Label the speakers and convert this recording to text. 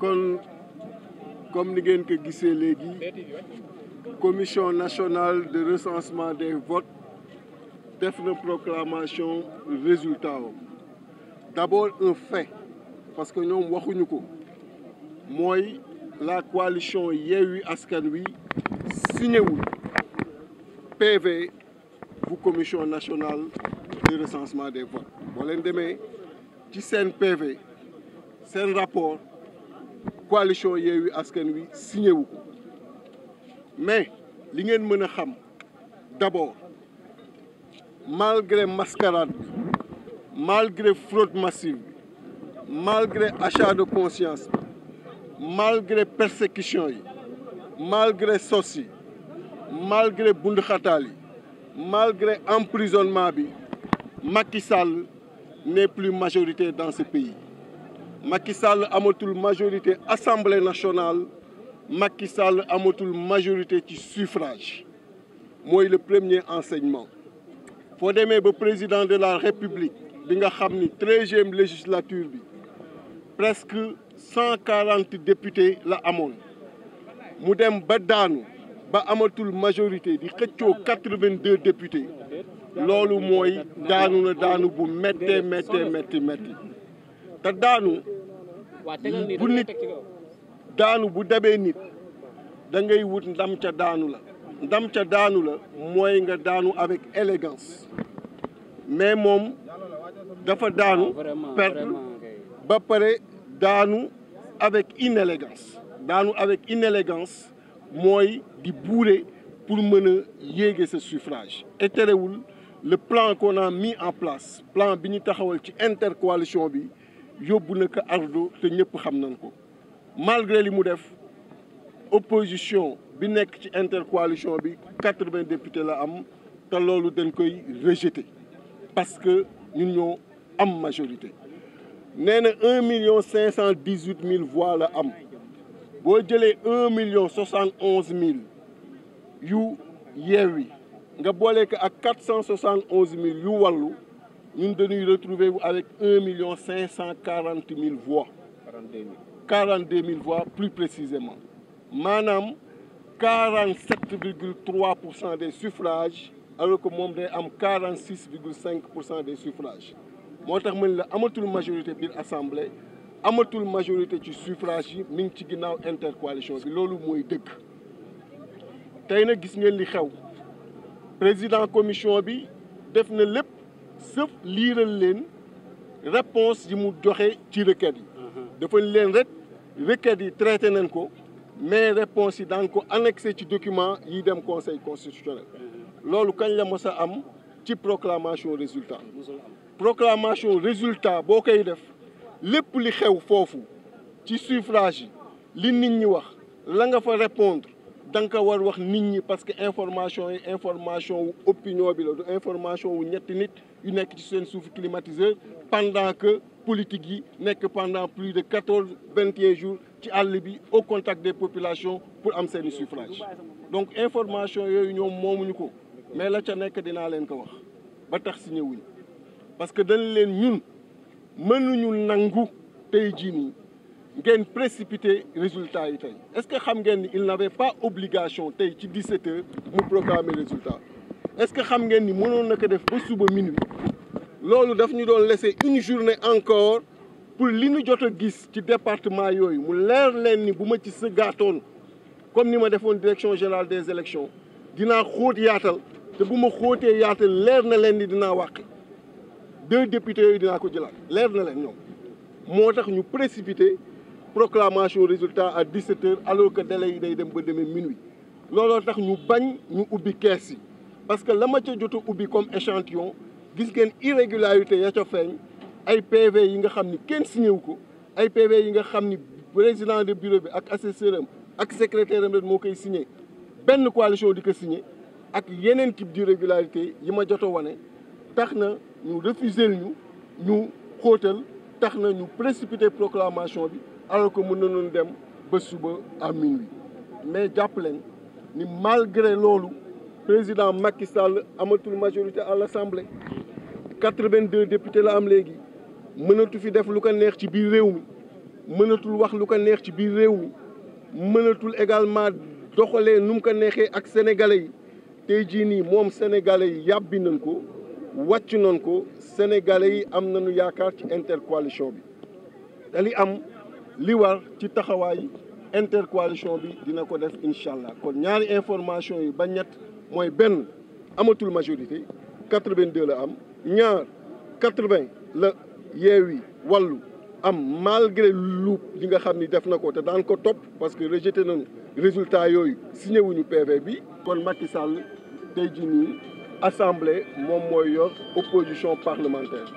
Speaker 1: comme nous que ko commission nationale de recensement des votes fait une proclamation résultat d'abord un fait parce que nous avons dit que la coalition Yewwi Askanoui Wi PV vous commission nationale de recensement des voix. Vous leen ci CNPV, PV rapport coalition eu à Wi ce mais ce que vous xam d'abord malgré mascarade malgré fraude massive malgré achat de conscience malgré persécution malgré ceci, malgré le malgré emprisonnement bi Macky Sall n'est plus majorité dans ce pays Macky Sall la majorité assemblée nationale Macky Sall la majorité du suffrage Moi, le premier enseignement faut président de la république bi nga troisième législature presque 140 députés la amoon mu ba amatul majorité di xëccoo quatre vingt députés loolu moy, daanu na daanu bu méttee méttee métti métti Ta daanu bu nit daanu bu dabee nit da ngay wut ndam ca daanu la ndam ca daanu la moy nga daanu avec élégance mais mom dafa daanu perte ba paré daanu avec inélégance daanu avec inélégance moy di buure pour mener a ce suffrage et le plan qu'on a mis en place plan biñu taxawal ci intercoalition bi yóbbu ko ardo te ñëpp xam nañ ko malgré li mu def opposition bi nek ci intercoalition bi 80 vingts députés la am ta lolu dañ koy rejeter parce que ñun ñoo am majorité nee na un million cinq cent dix-huit mille voix la am vous avez 1 million 71 000 you Vous avez 471 000 you walu. Nous nous avec 1 million 540 000 voix. 42 000 voix plus précisément. Manam 47,3% des suffrages alors que mon am 46,5% des suffrages. la majorité de l'Assemblée amatul majorité ci suffrage yi mi ngi ci ginnaaw intercoalition bi loolu mooy dëgg tey nag gis ngeen li xew président commission bi def na lépp sëf liiral leen réponse yi mu joxe ci requête yi mhm. dafa leen rek requête yi traité nañ ko mais réponse yi daan ko annexé ci document yi dem conseil constitutionnel mhm. loolu kañ la mos a am ci proclamation résultat proclamation résultat boo koy def lepp li xew fofu ci suffrage li nit ñi wax la nga fa répondre da ko war wax nit ñi parce que information yi information opinion bi la du information wu ñetti nit yu nekk ci seen suuf climatiseur pendant que politique yi nekk pendant plus de quatorze 21 jours ci àll bi au contact des populations pour am seeni suffrage donc information yooyu ñoom moomuñu ko mais la ca nekk dinaa leen ko wax ba tax si ñëwuñ parce que dañ leen ñun ñu nangu tey jii nii ngeen précipité résultat yi tey est-ce que xam ngeen ni il n'avait pas obligation tay ci 17 h mu proclamer résultat est-ce que xam ngeen ni mënoon naka def ba suba minuit lolu daf ñu doon laisser une journée encore pour li ñu jot gis ci département yooyu mu leer leen ni buma ci se sëggaatoon comme ni ma defoon direction générale des élections dina xóot yaatal te buma ma xóotee yaatal leer na leen ni dina waqi deux députés yooyu dinaa ko jëlaat leer na nous ñoom moo tax ñu précipité proclamation résultat à 17 heures alors que délai yi day dem ba minuit looloo tax ñu bañ ñu ubbi kees parce que la moitié ca jot comme échantillon gis ngeen irrégularité ya ca feeñ ay PV yi nga xam ni kenn signé wu ay PV yi nga xam président de bureau bi ak assesseur am ak secrétaire am ren moo koy signé Ben coalition di ko signé ak yeneen type d'irrégularité yi ma jot a wane tax ñu refuser ñu ñu xóotal tax na ñu précipité proclamation bi alors que mën nañu dem ba suba à minuit mais jàpp leen ni malgré loolu président Macky Sall amatul majorité à l'Assemblée 82 députés la am léegi mënatu fi def lu ko neex ci biir réew mi mënatul wax lu ko neex ci biir réew mi mënatul également doxalee nu mu ko neexee ak sénégalais yi tey jii nii moom sénégalais yi nañ ko wàcc noonu ko sénégalais yi am nañu yaakaar ci intercoalition bi te am li war ci taxawaay intercoalition bi dina ko def incha allah kon ñaari information yi ba ñett mooy benn amatul majorité 82 la am ñaar 80 la yeewi wàllu am malgré lu li nga xam ni def na ko te daan ko topp parce que rejeté nañu résultat yooyu signé wuñu PV bi kon Macky Sall tey jii assemblée moom opposition parlementaire